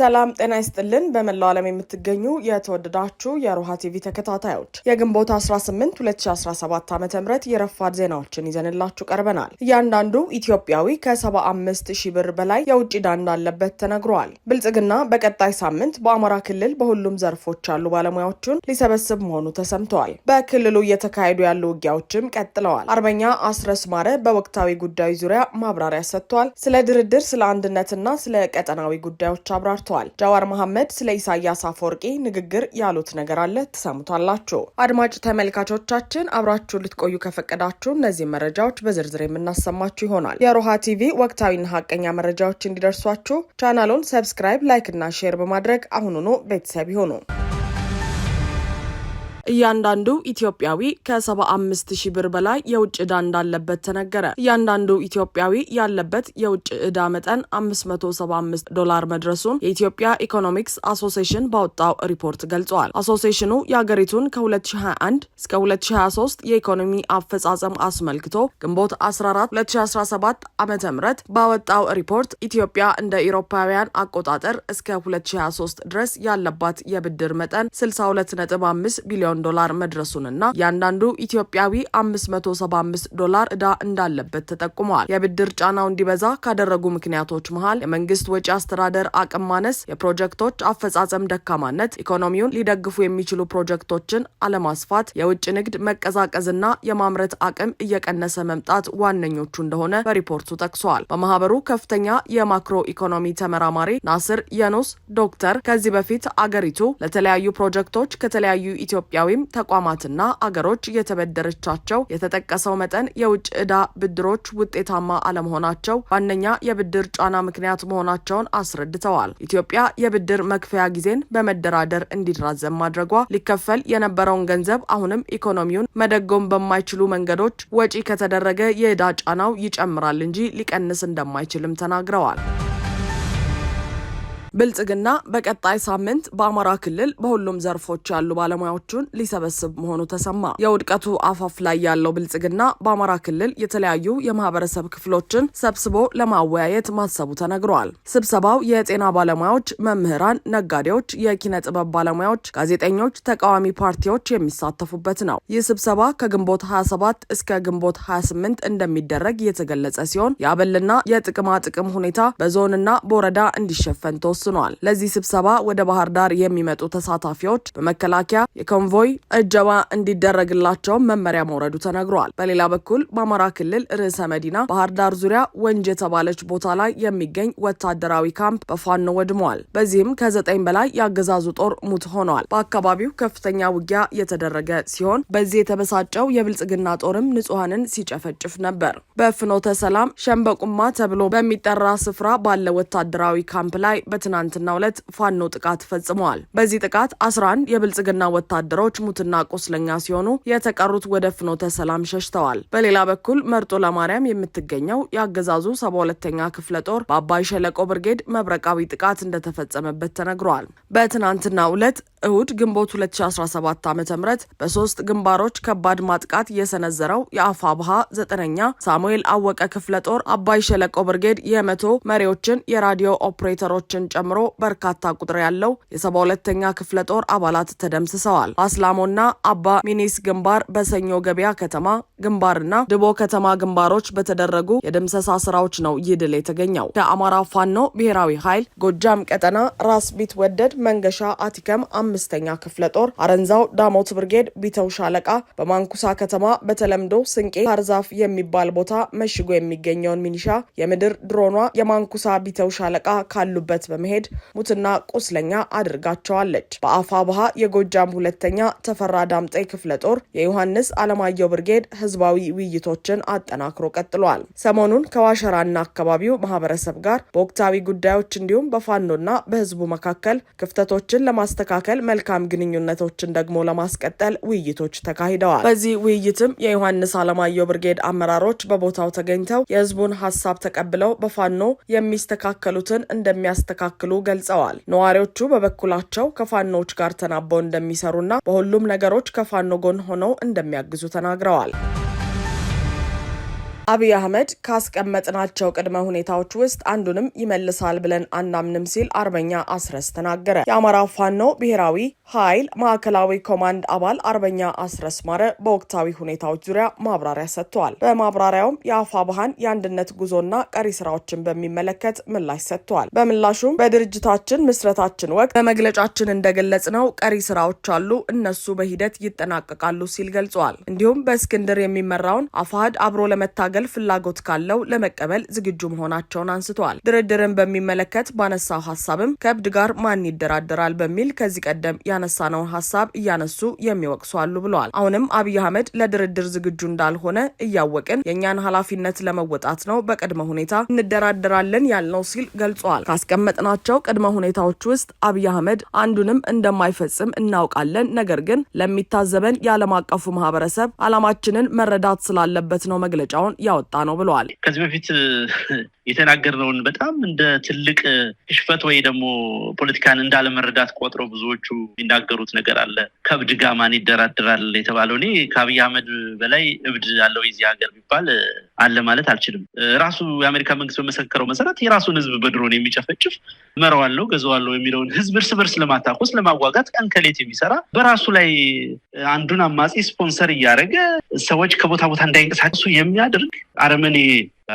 ሰላም ጤና ይስጥልን። በመላው ዓለም የምትገኙ የተወደዳችሁ የሮሃ ቲቪ ተከታታዮች የግንቦት 18 2017 ዓ ም የረፋድ ዜናዎችን ይዘንላችሁ ቀርበናል። እያንዳንዱ ኢትዮጵያዊ ከ75 ሺህ ብር በላይ የውጭ ዕዳ እንዳለበት ተነግሯል። ብልጽግና በቀጣይ ሳምንት በአማራ ክልል በሁሉም ዘርፎች ያሉ ባለሙያዎቹን ሊሰበስብ መሆኑ ተሰምተዋል። በክልሉ እየተካሄዱ ያሉ ውጊያዎችም ቀጥለዋል። አርበኛ አስረስ ማረ በወቅታዊ ጉዳዮች ዙሪያ ማብራሪያ ሰጥቷል። ስለ ድርድር፣ ስለ አንድነትና ስለ ቀጠናዊ ጉዳዮች አብራርቷል። ተዘጋጅቷል። ጃዋር መሐመድ ስለ ኢሳያስ አፈወርቂ ንግግር ያሉት ነገር አለ፣ ትሰሙታላችሁ። አድማጭ ተመልካቾቻችን አብራችሁ ልትቆዩ ከፈቀዳችሁ እነዚህ መረጃዎች በዝርዝር የምናሰማችሁ ይሆናል። የሮሃ ቲቪ ወቅታዊና ሀቀኛ መረጃዎች እንዲደርሷችሁ ቻናሉን ሰብስክራይብ፣ ላይክ እና ሼር በማድረግ አሁኑኑ ቤተሰብ ይሁኑ። እያንዳንዱ ኢትዮጵያዊ ከ75 ሺህ ብር በላይ የውጭ ዕዳ እንዳለበት ተነገረ። እያንዳንዱ ኢትዮጵያዊ ያለበት የውጭ ዕዳ መጠን 575 ዶላር መድረሱን የኢትዮጵያ ኢኮኖሚክስ አሶሴሽን ባወጣው ሪፖርት ገልጸዋል። አሶሴሽኑ የአገሪቱን ከ2021 እስከ 2023 የኢኮኖሚ አፈጻጸም አስመልክቶ ግንቦት 14 2017 ዓ ም ባወጣው ሪፖርት ኢትዮጵያ እንደ ኢሮፓውያን አቆጣጠር እስከ 2023 ድረስ ያለባት የብድር መጠን 62.5 ቢሊዮን ሚሊዮን ዶላር መድረሱንና እያንዳንዱ ኢትዮጵያዊ 575 ዶላር ዕዳ እንዳለበት ተጠቁመዋል። የብድር ጫናው እንዲበዛ ካደረጉ ምክንያቶች መሀል የመንግስት ወጪ አስተዳደር አቅም ማነስ፣ የፕሮጀክቶች አፈጻጸም ደካማነት፣ ኢኮኖሚውን ሊደግፉ የሚችሉ ፕሮጀክቶችን አለማስፋት፣ የውጭ ንግድ መቀዛቀዝና የማምረት አቅም እየቀነሰ መምጣት ዋነኞቹ እንደሆነ በሪፖርቱ ጠቅሰዋል። በማህበሩ ከፍተኛ የማክሮ ኢኮኖሚ ተመራማሪ ናስር የኑስ ዶክተር ከዚህ በፊት አገሪቱ ለተለያዩ ፕሮጀክቶች ከተለያዩ ኢትዮጵያ ኢትዮጵያዊም ተቋማትና አገሮች እየተበደረቻቸው የተጠቀሰው መጠን የውጭ ዕዳ ብድሮች ውጤታማ አለመሆናቸው ዋነኛ የብድር ጫና ምክንያት መሆናቸውን አስረድተዋል። ኢትዮጵያ የብድር መክፈያ ጊዜን በመደራደር እንዲራዘም ማድረጓ ሊከፈል የነበረውን ገንዘብ አሁንም ኢኮኖሚውን መደጎም በማይችሉ መንገዶች ወጪ ከተደረገ የዕዳ ጫናው ይጨምራል እንጂ ሊቀንስ እንደማይችልም ተናግረዋል። ብልጽግና በቀጣይ ሳምንት በአማራ ክልል በሁሉም ዘርፎች ያሉ ባለሙያዎቹን ሊሰበስብ መሆኑ ተሰማ። የውድቀቱ አፋፍ ላይ ያለው ብልጽግና በአማራ ክልል የተለያዩ የማህበረሰብ ክፍሎችን ሰብስቦ ለማወያየት ማሰቡ ተነግሯል። ስብሰባው የጤና ባለሙያዎች፣ መምህራን፣ ነጋዴዎች፣ የኪነ ጥበብ ባለሙያዎች፣ ጋዜጠኞች፣ ተቃዋሚ ፓርቲዎች የሚሳተፉበት ነው። ይህ ስብሰባ ከግንቦት 27 እስከ ግንቦት 28 እንደሚደረግ የተገለጸ ሲሆን የአበልና የጥቅማ ጥቅም ሁኔታ በዞንና በወረዳ እንዲሸፈን ተወስ ወስኗል። ለዚህ ስብሰባ ወደ ባህር ዳር የሚመጡ ተሳታፊዎች በመከላከያ የኮንቮይ እጀባ እንዲደረግላቸው መመሪያ መውረዱ ተነግሯል። በሌላ በኩል በአማራ ክልል ርዕሰ መዲና ባህር ዳር ዙሪያ ወንጅ የተባለች ቦታ ላይ የሚገኝ ወታደራዊ ካምፕ በፋኖ ወድመዋል። በዚህም ከዘጠኝ በላይ የአገዛዙ ጦር ሙት ሆነዋል። በአካባቢው ከፍተኛ ውጊያ የተደረገ ሲሆን በዚህ የተበሳጨው የብልጽግና ጦርም ንጹሐንን ሲጨፈጭፍ ነበር። በፍኖተ ሰላም ሸንበቁማ ተብሎ በሚጠራ ስፍራ ባለ ወታደራዊ ካምፕ ላይ በትና በትናንትናው ዕለት ፋኖ ጥቃት ፈጽመዋል። በዚህ ጥቃት 11 የብልጽግና ወታደሮች ሙትና ቁስለኛ ሲሆኑ የተቀሩት ወደ ፍኖተ ሰላም ሸሽተዋል። በሌላ በኩል መርጦ ለማርያም የምትገኘው የአገዛዙ 72ኛ ክፍለ ጦር በአባይ ሸለቆ ብርጌድ መብረቃዊ ጥቃት እንደተፈጸመበት ተነግሯል። በትናንትና ዕለት እሁድ ግንቦት 2017 ዓ ም በሶስት ግንባሮች ከባድ ማጥቃት የሰነዘረው የአፋ ብሃ ዘጠነኛ ሳሙኤል አወቀ ክፍለ ጦር አባይ ሸለቆ ብርጌድ የመቶ መሪዎችን የራዲዮ ኦፕሬተሮችን ጨምሮ በርካታ ቁጥር ያለው የሰባ ሁለተኛ ክፍለ ጦር አባላት ተደምስሰዋል። አስላሞና አባ ሚኒስ ግንባር በሰኞ ገበያ ከተማ ግንባርና ድቦ ከተማ ግንባሮች በተደረጉ የድምሰሳ ስራዎች ነው ይህ ድል የተገኘው። ከአማራ ፋኖ ብሔራዊ ኃይል ጎጃም ቀጠና ራስ ቢት ወደድ፣ መንገሻ አቲከም አምስተኛ ክፍለ ጦር አረንዛው ዳሞት ብርጌድ ቢተው ሻለቃ በማንኩሳ ከተማ በተለምዶ ስንቄ ታርዛፍ የሚባል ቦታ መሽጎ የሚገኘውን ሚኒሻ የምድር ድሮኗ የማንኩሳ ቢተው ሻለቃ ካሉበት በመሄድ በመሄድ ሙትና ቁስለኛ አድርጋቸዋለች። በአፋ ባሃ የጎጃም ሁለተኛ ተፈራ ዳምጤ ክፍለ ጦር የዮሐንስ አለማየሁ ብርጌድ ህዝባዊ ውይይቶችን አጠናክሮ ቀጥሏል። ሰሞኑን ከዋሸራና አካባቢው ማህበረሰብ ጋር በወቅታዊ ጉዳዮች እንዲሁም በፋኖና በህዝቡ መካከል ክፍተቶችን ለማስተካከል መልካም ግንኙነቶችን ደግሞ ለማስቀጠል ውይይቶች ተካሂደዋል። በዚህ ውይይትም የዮሐንስ አለማየሁ ብርጌድ አመራሮች በቦታው ተገኝተው የህዝቡን ሀሳብ ተቀብለው በፋኖ የሚስተካከሉትን እንደሚያስተካክሉ እንደሚያክሉ ገልጸዋል። ነዋሪዎቹ በበኩላቸው ከፋኖዎች ጋር ተናበው እንደሚሰሩና በሁሉም ነገሮች ከፋኖ ጎን ሆነው እንደሚያግዙ ተናግረዋል። አብይ አህመድ ካስቀመጥናቸው ቅድመ ሁኔታዎች ውስጥ አንዱንም ይመልሳል ብለን አናምንም ሲል አርበኛ አስረስ ተናገረ። የአማራ ፋኖ ብሔራዊ ኃይል ማዕከላዊ ኮማንድ አባል አርበኛ አስረስ ማረ በወቅታዊ ሁኔታዎች ዙሪያ ማብራሪያ ሰጥተዋል። በማብራሪያውም የአፋ ባህን የአንድነት ጉዞና ቀሪ ስራዎችን በሚመለከት ምላሽ ሰጥተዋል። በምላሹም በድርጅታችን ምስረታችን ወቅት በመግለጫችን እንደገለጽ ነው ቀሪ ስራዎች አሉ፣ እነሱ በሂደት ይጠናቀቃሉ ሲል ገልጸዋል። እንዲሁም በእስክንድር የሚመራውን አፋህድ አብሮ ለመታገል መካከል ፍላጎት ካለው ለመቀበል ዝግጁ መሆናቸውን አንስተዋል። ድርድርን በሚመለከት ባነሳው ሀሳብም ከእብድ ጋር ማን ይደራደራል በሚል ከዚህ ቀደም ያነሳነውን ሀሳብ እያነሱ የሚወቅሱ አሉ ብለዋል። አሁንም አብይ አህመድ ለድርድር ዝግጁ እንዳልሆነ እያወቅን የእኛን ኃላፊነት ለመወጣት ነው በቅድመ ሁኔታ እንደራደራለን ያልነው ሲል ገልጿል። ካስቀመጥናቸው ቅድመ ሁኔታዎች ውስጥ አብይ አህመድ አንዱንም እንደማይፈጽም እናውቃለን። ነገር ግን ለሚታዘበን የዓለም አቀፉ ማህበረሰብ ዓላማችንን መረዳት ስላለበት ነው መግለጫውን ያወጣ ነው ብለዋል። ከዚህ በፊት የተናገርነውን በጣም እንደ ትልቅ ክሽፈት ወይ ደግሞ ፖለቲካን እንዳለመረዳት ቆጥሮ ብዙዎቹ የሚናገሩት ነገር አለ። ከእብድ ጋማን ማን ይደራደራል የተባለው እኔ ከአብይ አህመድ በላይ እብድ ያለው የዚህ ሀገር ቢባል አለ ማለት አልችልም። ራሱ የአሜሪካ መንግስት በመሰከረው መሰረት የራሱን ህዝብ በድሮን የሚጨፈጭፍ መረዋለው፣ ገዘዋለው የሚለውን ህዝብ እርስ በርስ ለማታኮስ ለማዋጋት ቀን ከሌት የሚሰራ በራሱ ላይ አንዱን አማጺ ስፖንሰር እያደረገ ሰዎች ከቦታ ቦታ እንዳይንቀሳቀሱ የሚያደርግ አረመኔ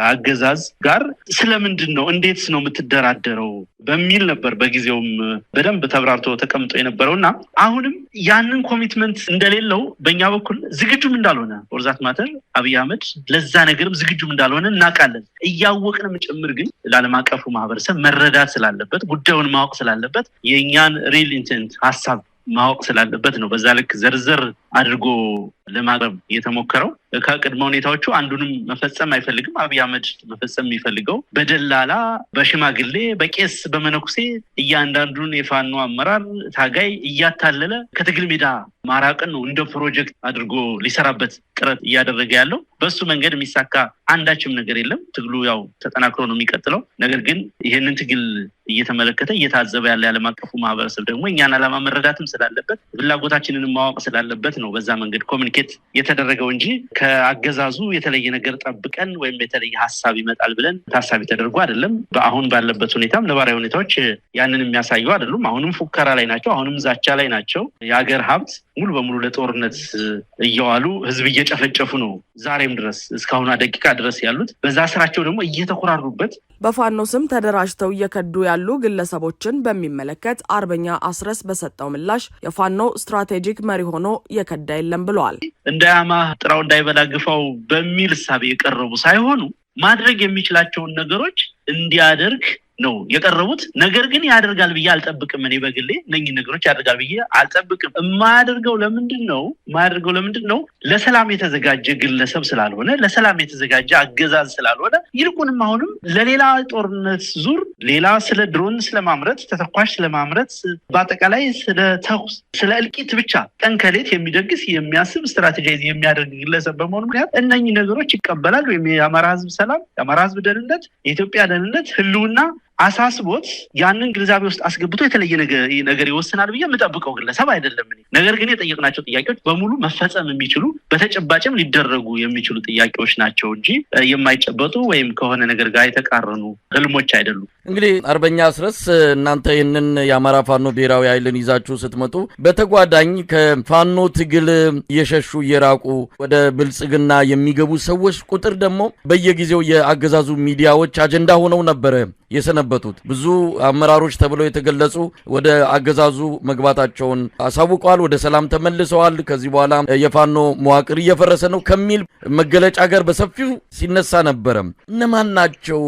አገዛዝ ጋር ስለምንድን ነው እንዴትስ ነው የምትደራደረው በሚል ነበር በጊዜውም በደንብ ተብራርቶ ተቀምጦ የነበረው እና አሁንም ያንን ኮሚትመንት እንደሌለው በእኛ በኩል ዝግጁም እንዳልሆነ ወርዛት ማተር አብይ አህመድ ለዛ ነገርም ዝግጁም እንዳልሆነ እናውቃለን። እያወቅንም ጭምር ግን ለዓለም አቀፉ ማህበረሰብ መረዳት ስላለበት ጉዳዩን ማወቅ ስላለበት የእኛን ሪል ኢንቴንት ሀሳብ ማወቅ ስላለበት ነው በዛ ልክ ዘርዘር አድርጎ ለማቅረብ የተሞከረው ከቅድመ ሁኔታዎቹ አንዱንም መፈጸም አይፈልግም። አብይ አህመድ መፈጸም የሚፈልገው በደላላ በሽማግሌ በቄስ በመነኩሴ እያንዳንዱን የፋኖ አመራር ታጋይ እያታለለ ከትግል ሜዳ ማራቅን ነው እንደ ፕሮጀክት አድርጎ ሊሰራበት ጥረት እያደረገ ያለው። በሱ መንገድ የሚሳካ አንዳችም ነገር የለም። ትግሉ ያው ተጠናክሮ ነው የሚቀጥለው። ነገር ግን ይህንን ትግል እየተመለከተ እየታዘበ ያለ የዓለም አቀፉ ማህበረሰብ ደግሞ እኛን አላማ መረዳትም ስላለበት ፍላጎታችንን ማወቅ ስላለበት ነው ነው በዛ መንገድ ኮሚኒኬት የተደረገው እንጂ ከአገዛዙ የተለየ ነገር ጠብቀን ወይም የተለየ ሀሳብ ይመጣል ብለን ታሳቢ ተደርጎ አይደለም። በአሁን ባለበት ሁኔታም ነባራዊ ሁኔታዎች ያንን የሚያሳዩ አይደሉም። አሁንም ፉከራ ላይ ናቸው። አሁንም ዛቻ ላይ ናቸው። የሀገር ሀብት ሙሉ በሙሉ ለጦርነት እየዋሉ ህዝብ እየጨፈጨፉ ነው። ዛሬም ድረስ እስካሁን ደቂቃ ድረስ ያሉት በዛ ስራቸው ደግሞ እየተኮራሩበት በፋኖ ስም ተደራጅተው እየከዱ ያሉ ግለሰቦችን በሚመለከት አርበኛ አስረስ በሰጠው ምላሽ የፋኖ ስትራቴጂክ መሪ ሆኖ የከ የከዳ የለም ብለዋል። እንዳያማ ጥራው እንዳይበላግፈው ግፋው በሚል እሳቤ የቀረቡ ሳይሆኑ ማድረግ የሚችላቸውን ነገሮች እንዲያደርግ ነው የቀረቡት። ነገር ግን ያደርጋል ብዬ አልጠብቅም። እኔ በግሌ እነህ ነገሮች ያደርጋል ብዬ አልጠብቅም። የማያደርገው ለምንድን ነው? የማያደርገው ለምንድን ነው? ለሰላም የተዘጋጀ ግለሰብ ስላልሆነ፣ ለሰላም የተዘጋጀ አገዛዝ ስላልሆነ፣ ይልቁንም አሁንም ለሌላ ጦርነት ዙር ሌላ ስለ ድሮን ስለማምረት፣ ተተኳሽ ስለማምረት፣ በአጠቃላይ ስለ ተኩስ፣ ስለ እልቂት ብቻ ቀን ከሌት የሚደግስ የሚያስብ ስትራቴጂ የሚያደርግ ግለሰብ በመሆኑ ምክንያት እነኝህ ነገሮች ይቀበላል ወይም የአማራ ህዝብ ሰላም፣ የአማራ ህዝብ ደህንነት፣ የኢትዮጵያ ደህንነት ህልውና አሳስቦት ያንን ግንዛቤ ውስጥ አስገብቶ የተለየ ነገር ይወስናል ብዬ የምጠብቀው ግለሰብ አይደለም። ነገር ግን የጠየቅናቸው ጥያቄዎች በሙሉ መፈጸም የሚችሉ በተጨባጭም ሊደረጉ የሚችሉ ጥያቄዎች ናቸው እንጂ የማይጨበጡ ወይም ከሆነ ነገር ጋር የተቃረኑ ህልሞች አይደሉም። እንግዲህ አርበኛ አስረስ እናንተ ይህንን የአማራ ፋኖ ብሔራዊ ኃይልን ይዛችሁ ስትመጡ በተጓዳኝ ከፋኖ ትግል እየሸሹ እየራቁ ወደ ብልጽግና የሚገቡ ሰዎች ቁጥር ደግሞ በየጊዜው የአገዛዙ ሚዲያዎች አጀንዳ ሆነው ነበረ። የሰነበቱት ብዙ አመራሮች ተብለው የተገለጹ ወደ አገዛዙ መግባታቸውን አሳውቀዋል። ወደ ሰላም ተመልሰዋል። ከዚህ በኋላ የፋኖ መዋቅር እየፈረሰ ነው ከሚል መገለጫ ጋር በሰፊው ሲነሳ ነበረ። እነማን ናቸው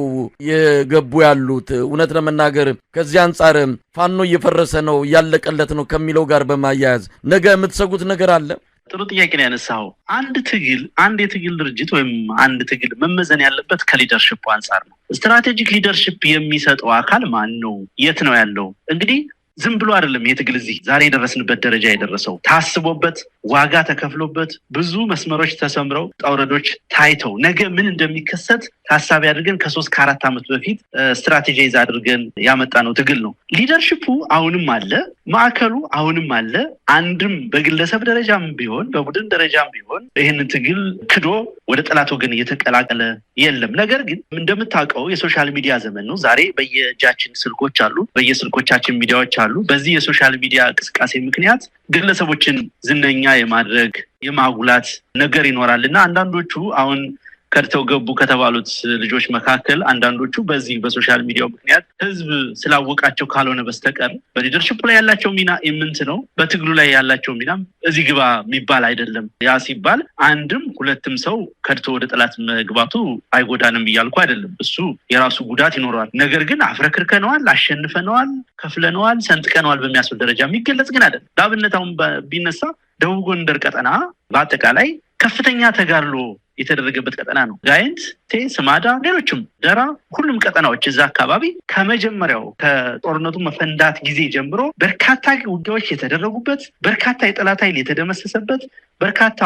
የገቡ ያሉት? እውነት ለመናገር ከዚህ አንጻር ፋኖ እየፈረሰ ነው እያለቀለት ነው ከሚለው ጋር በማያያዝ ነገ የምትሰጉት ነገር አለ? ጥሩ ጥያቄ ነው ያነሳው። አንድ ትግል አንድ የትግል ድርጅት ወይም አንድ ትግል መመዘን ያለበት ከሊደርሽፕ አንጻር ነው። ስትራቴጂክ ሊደርሽፕ የሚሰጠው አካል ማን ነው? የት ነው ያለው? እንግዲህ ዝም ብሎ አይደለም ይህ ትግል እዚህ ዛሬ የደረስንበት ደረጃ የደረሰው ታስቦበት ዋጋ ተከፍሎበት ብዙ መስመሮች ተሰምረው ጠውረዶች ታይተው ነገ ምን እንደሚከሰት ታሳቢ አድርገን ከሶስት ከአራት ዓመት በፊት ስትራቴጂይዝ አድርገን ያመጣ ነው ትግል ነው። ሊደርሽፑ አሁንም አለ፣ ማዕከሉ አሁንም አለ። አንድም በግለሰብ ደረጃም ቢሆን በቡድን ደረጃም ቢሆን ይህን ትግል ክዶ ወደ ጠላት ወገን እየተቀላቀለ የለም። ነገር ግን እንደምታውቀው የሶሻል ሚዲያ ዘመን ነው። ዛሬ በየእጃችን ስልኮች አሉ፣ በየስልኮቻችን ሚዲያዎች ይኖራሉ። በዚህ የሶሻል ሚዲያ እንቅስቃሴ ምክንያት ግለሰቦችን ዝነኛ የማድረግ የማጉላት ነገር ይኖራል እና አንዳንዶቹ አሁን ከድተው ገቡ ከተባሉት ልጆች መካከል አንዳንዶቹ በዚህ በሶሻል ሚዲያው ምክንያት ህዝብ ስላወቃቸው ካልሆነ በስተቀር በሊደርሽፕ ላይ ያላቸው ሚና የምንት ነው። በትግሉ ላይ ያላቸው ሚና እዚህ ግባ የሚባል አይደለም። ያ ሲባል አንድም ሁለትም ሰው ከድቶ ወደ ጥላት መግባቱ አይጎዳንም እያልኩ አይደለም። እሱ የራሱ ጉዳት ይኖረዋል። ነገር ግን አፍረክርከነዋል፣ አሸንፈነዋል፣ ከፍለነዋል፣ ሰንጥቀነዋል በሚያስብል ደረጃ የሚገለጽ ግን አይደለም። ለአብነት አሁን ቢነሳ ደቡብ ጎንደር ቀጠና በአጠቃላይ ከፍተኛ ተጋድሎ የተደረገበት ቀጠና ነው። ጋይንት፣ ቴንስ፣ ማዳ፣ ሌሎችም ደራ፣ ሁሉም ቀጠናዎች እዛ አካባቢ ከመጀመሪያው ከጦርነቱ መፈንዳት ጊዜ ጀምሮ በርካታ ውጊያዎች የተደረጉበት፣ በርካታ የጠላት ኃይል የተደመሰሰበት፣ በርካታ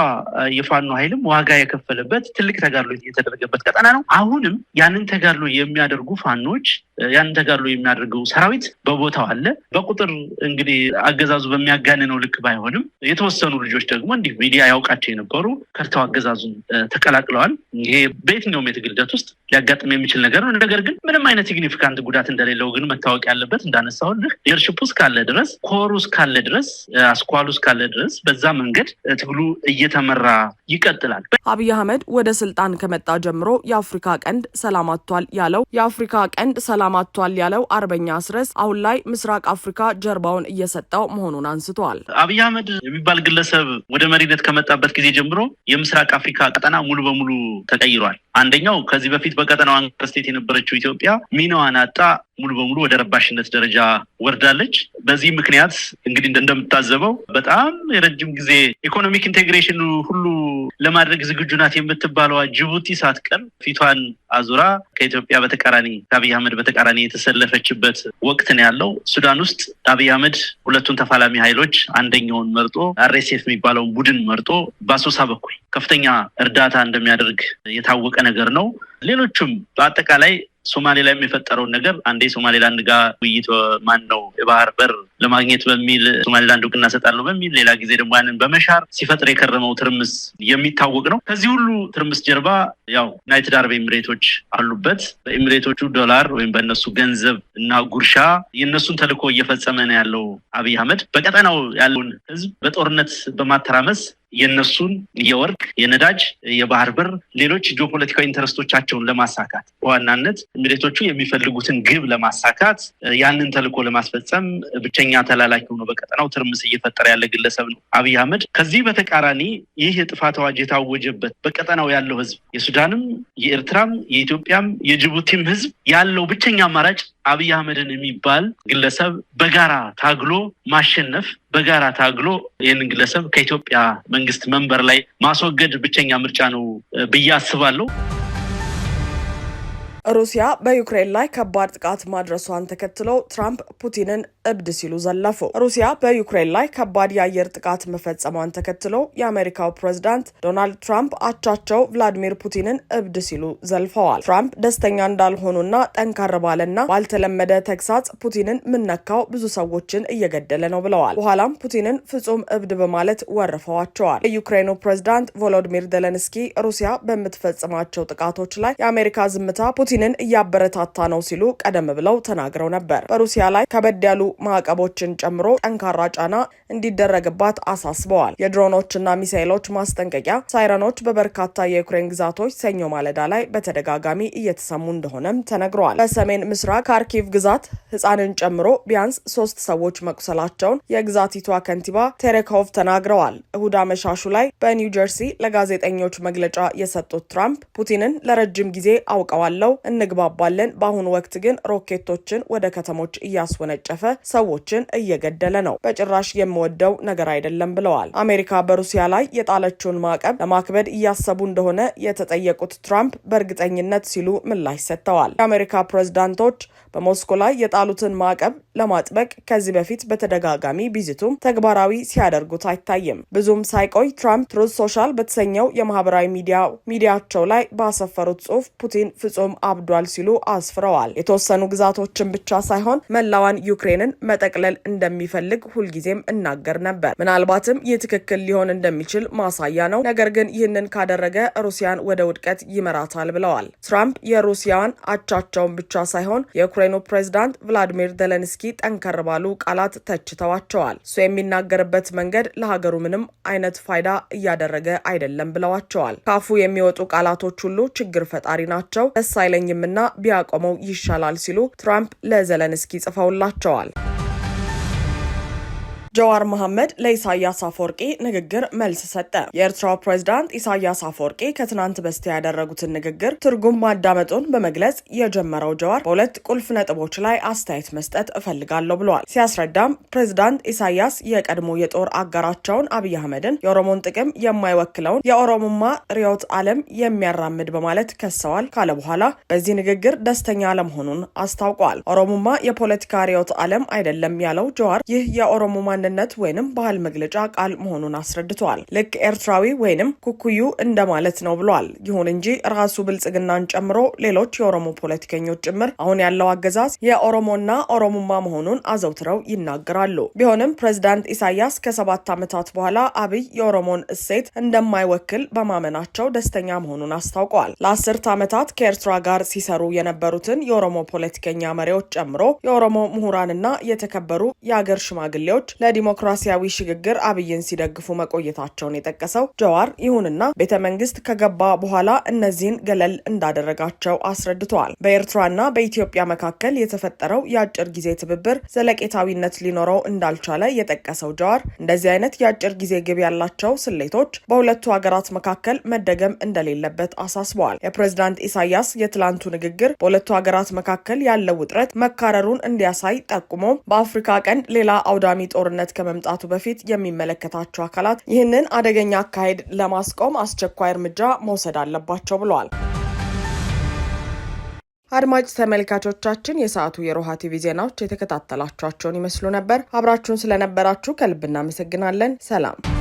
የፋኖ ኃይልም ዋጋ የከፈለበት ትልቅ ተጋድሎ የተደረገበት ቀጠና ነው። አሁንም ያንን ተጋድሎ የሚያደርጉ ፋኖች ያንን ተጋድሎ የሚያደርገው ሰራዊት በቦታው አለ። በቁጥር እንግዲህ አገዛዙ በሚያጋንነው ልክ ባይሆንም የተወሰኑ ልጆች ደግሞ እንዲሁ ሚዲያ ያውቃቸው የነበሩ ከርተው አገዛዙን ተቀላቅለዋል። ይሄ በየትኛውም የትግል ሂደት ውስጥ ሊያጋጥም የሚችል ነገር ነው። ነገር ግን ምንም አይነት ሲግኒፊካንት ጉዳት እንደሌለው ግን መታወቅ ያለበት እንዳነሳሁን ሊደርሽፕ እስካለ ድረስ፣ ኮር እስካለ ድረስ፣ አስኳሉ እስካለ ድረስ በዛ መንገድ ትግሉ እየተመራ ይቀጥላል። አብይ አህመድ ወደ ስልጣን ከመጣ ጀምሮ የአፍሪካ ቀንድ ሰላም አቷል ያለው የአፍሪካ ቀንድ ሰላም አቷል ያለው አርበኛ አስረስ አሁን ላይ ምስራቅ አፍሪካ ጀርባውን እየሰጠው መሆኑን አንስተዋል። አብይ አህመድ የሚባል ግለሰብ ወደ መሪነት ከመጣበት ጊዜ ጀምሮ የምስራቅ አፍሪካ ቀጠና ሙሉ በሙሉ ተቀይሯል። አንደኛው ከዚህ በፊት በቀጠናው አንከር ስቴት የነበረችው ኢትዮጵያ ሚናዋን አጣ ሙሉ በሙሉ ወደ ረባሽነት ደረጃ ወርዳለች። በዚህ ምክንያት እንግዲህ እንደምታዘበው በጣም የረጅም ጊዜ ኢኮኖሚክ ኢንቴግሬሽን ሁሉ ለማድረግ ዝግጁ ናት የምትባለዋ ጅቡቲ ሳትቀር ፊቷን አዙራ ከኢትዮጵያ በተቃራኒ ከአብይ አህመድ በተቃራኒ የተሰለፈችበት ወቅት ነው ያለው። ሱዳን ውስጥ አብይ አህመድ ሁለቱን ተፋላሚ ኃይሎች አንደኛውን መርጦ አሬሴፍ የሚባለውን ቡድን መርጦ በአሶሳ በኩል ከፍተኛ እርዳታ እንደሚያደርግ የታወቀ ነገር ነው። ሌሎቹም በአጠቃላይ ሶማሌ ላይ የሚፈጠረውን ነገር አንዴ ሶማሌላንድ ጋር ውይይት ማን ነው የባህር በር ለማግኘት በሚል ሶማሌላንድ እውቅና እሰጣለሁ በሚል ሌላ ጊዜ ደግሞ ያንን በመሻር ሲፈጥር የከረመው ትርምስ የሚታወቅ ነው። ከዚህ ሁሉ ትርምስ ጀርባ ያው ዩናይትድ አረብ ኤሚሬቶች አሉበት። በኤሚሬቶቹ ዶላር ወይም በእነሱ ገንዘብ እና ጉርሻ የእነሱን ተልዕኮ እየፈጸመ ነው ያለው አብይ አህመድ በቀጠናው ያለውን ህዝብ በጦርነት በማተራመስ የእነሱን የወርቅ፣ የነዳጅ፣ የባህር በር፣ ሌሎች ጂኦፖለቲካዊ ኢንተረስቶቻቸውን ለማሳካት በዋናነት ኤሚሬቶቹ የሚፈልጉትን ግብ ለማሳካት ያንን ተልዕኮ ለማስፈጸም ብቸኛ ከፍተኛ ተላላኪ ሆኖ በቀጠናው ትርምስ እየፈጠረ ያለ ግለሰብ ነው አብይ አህመድ። ከዚህ በተቃራኒ ይህ የጥፋት አዋጅ የታወጀበት በቀጠናው ያለው ህዝብ የሱዳንም፣ የኤርትራም፣ የኢትዮጵያም የጅቡቲም ህዝብ ያለው ብቸኛ አማራጭ አብይ አህመድን የሚባል ግለሰብ በጋራ ታግሎ ማሸነፍ በጋራ ታግሎ ይህንን ግለሰብ ከኢትዮጵያ መንግስት መንበር ላይ ማስወገድ ብቸኛ ምርጫ ነው ብዬ አስባለሁ። ሩሲያ በዩክሬን ላይ ከባድ ጥቃት ማድረሷን ተከትሎ ትራምፕ ፑቲንን እብድ ሲሉ ዘለፉ። ሩሲያ በዩክሬን ላይ ከባድ የአየር ጥቃት መፈጸሟን ተከትሎ የአሜሪካው ፕሬዝዳንት ዶናልድ ትራምፕ አቻቸው ቭላዲሚር ፑቲንን እብድ ሲሉ ዘልፈዋል። ትራምፕ ደስተኛ እንዳልሆኑና ጠንካራ ባለና ባልተለመደ ተግሳጽ ፑቲንን ምነካው ብዙ ሰዎችን እየገደለ ነው ብለዋል። በኋላም ፑቲንን ፍጹም እብድ በማለት ወርፈዋቸዋል። የዩክሬኑ ፕሬዝዳንት ቮሎዲሚር ዘለንስኪ ሩሲያ በምትፈጽማቸው ጥቃቶች ላይ የአሜሪካ ዝምታ ፑቲንን እያበረታታ ነው ሲሉ ቀደም ብለው ተናግረው ነበር። በሩሲያ ላይ ከበድ ያሉ ማዕቀቦችን ጨምሮ ጠንካራ ጫና እንዲደረግባት አሳስበዋል። የድሮኖችና ሚሳይሎች ማስጠንቀቂያ ሳይረኖች በበርካታ የዩክሬን ግዛቶች ሰኞ ማለዳ ላይ በተደጋጋሚ እየተሰሙ እንደሆነም ተነግረዋል። በሰሜን ምስራቅ ካርኪቭ ግዛት ህጻንን ጨምሮ ቢያንስ ሶስት ሰዎች መቁሰላቸውን የግዛቲቷ ከንቲባ ቴሬኮቭ ተናግረዋል። እሁድ አመሻሹ ላይ በኒው ጀርሲ ለጋዜጠኞች መግለጫ የሰጡት ትራምፕ ፑቲንን ለረጅም ጊዜ አውቀዋለው እንግባባለን። በአሁኑ ወቅት ግን ሮኬቶችን ወደ ከተሞች እያስወነጨፈ ሰዎችን እየገደለ ነው። በጭራሽ የምወደው ነገር አይደለም ብለዋል። አሜሪካ በሩሲያ ላይ የጣለችውን ማዕቀብ ለማክበድ እያሰቡ እንደሆነ የተጠየቁት ትራምፕ በእርግጠኝነት ሲሉ ምላሽ ሰጥተዋል። የአሜሪካ ፕሬዝዳንቶች በሞስኮ ላይ የጣሉትን ማዕቀብ ለማጥበቅ ከዚህ በፊት በተደጋጋሚ ቢዝቱም ተግባራዊ ሲያደርጉት አይታይም። ብዙም ሳይቆይ ትራምፕ ትሩዝ ሶሻል በተሰኘው የማህበራዊ ሚዲያቸው ላይ ባሰፈሩት ጽሑፍ ፑቲን ፍጹም አብዷል ሲሉ አስፍረዋል። የተወሰኑ ግዛቶችን ብቻ ሳይሆን መላዋን ዩክሬንን መጠቅለል እንደሚፈልግ ሁልጊዜም እናገር ነበር። ምናልባትም ይህ ትክክል ሊሆን እንደሚችል ማሳያ ነው። ነገር ግን ይህንን ካደረገ ሩሲያን ወደ ውድቀት ይመራታል ብለዋል። ትራምፕ የሩሲያን አቻቸውን ብቻ ሳይሆን የዩክሬኑ ፕሬዝዳንት ቭላዲሚር ዘለንስኪ ጠንከር ባሉ ቃላት ተችተዋቸዋል። እሱ የሚናገርበት መንገድ ለሀገሩ ምንም አይነት ፋይዳ እያደረገ አይደለም ብለዋቸዋል። ካፉ የሚወጡ ቃላቶች ሁሉ ችግር ፈጣሪ ናቸው። ደስ አይለኝ አይመስለኝምና ቢያቆመው ይሻላል ሲሉ ትራምፕ ለዘለንስኪ ጽፈውላቸዋል። ጀዋር መሐመድ ለኢሳያስ አፈወርቂ ንግግር መልስ ሰጠ። የኤርትራው ፕሬዚዳንት ኢሳያስ አፈወርቂ ከትናንት በስቲያ ያደረጉትን ንግግር ትርጉም ማዳመጡን በመግለጽ የጀመረው ጀዋር በሁለት ቁልፍ ነጥቦች ላይ አስተያየት መስጠት እፈልጋለሁ ብለዋል። ሲያስረዳም ፕሬዚዳንት ኢሳያስ የቀድሞ የጦር አጋራቸውን አብይ አህመድን የኦሮሞን ጥቅም የማይወክለውን የኦሮሞማ ሪዮት ዓለም የሚያራምድ በማለት ከሰዋል ካለ በኋላ በዚህ ንግግር ደስተኛ አለመሆኑን አስታውቋል። ኦሮሞማ የፖለቲካ ሪዮት ዓለም አይደለም ያለው ጀዋር ይህ የኦሮሞማ የማንነት ወይንም ባህል መግለጫ ቃል መሆኑን አስረድተዋል። ልክ ኤርትራዊ ወይንም ኩኩዩ እንደማለት ነው ብሏል። ይሁን እንጂ ራሱ ብልጽግናን ጨምሮ ሌሎች የኦሮሞ ፖለቲከኞች ጭምር አሁን ያለው አገዛዝ የኦሮሞና ኦሮሙማ መሆኑን አዘውትረው ይናገራሉ። ቢሆንም ፕሬዚዳንት ኢሳያስ ከሰባት ዓመታት በኋላ አብይ የኦሮሞን እሴት እንደማይወክል በማመናቸው ደስተኛ መሆኑን አስታውቀዋል። ለአስርት ዓመታት ከኤርትራ ጋር ሲሰሩ የነበሩትን የኦሮሞ ፖለቲከኛ መሪዎች ጨምሮ የኦሮሞ ምሁራንና የተከበሩ የአገር ሽማግሌዎች ለዲሞክራሲያዊ ሽግግር አብይን ሲደግፉ መቆየታቸውን የጠቀሰው ጀዋር ይሁንና ቤተ መንግስት ከገባ በኋላ እነዚህን ገለል እንዳደረጋቸው አስረድተዋል። በኤርትራና በኢትዮጵያ መካከል የተፈጠረው የአጭር ጊዜ ትብብር ዘለቄታዊነት ሊኖረው እንዳልቻለ የጠቀሰው ጀዋር እንደዚህ አይነት የአጭር ጊዜ ግብ ያላቸው ስሌቶች በሁለቱ ሀገራት መካከል መደገም እንደሌለበት አሳስበዋል። የፕሬዝዳንት ኢሳያስ የትላንቱ ንግግር በሁለቱ ሀገራት መካከል ያለው ውጥረት መካረሩን እንዲያሳይ ጠቁሞ በአፍሪካ ቀንድ ሌላ አውዳሚ ጦርነት ስምምነት ከመምጣቱ በፊት የሚመለከታቸው አካላት ይህንን አደገኛ አካሄድ ለማስቆም አስቸኳይ እርምጃ መውሰድ አለባቸው ብለዋል። አድማጭ ተመልካቾቻችን የሰዓቱ የሮሃ ቲቪ ዜናዎች የተከታተላችኋቸውን ይመስሉ ነበር። አብራችሁን ስለነበራችሁ ከልብ እናመሰግናለን። ሰላም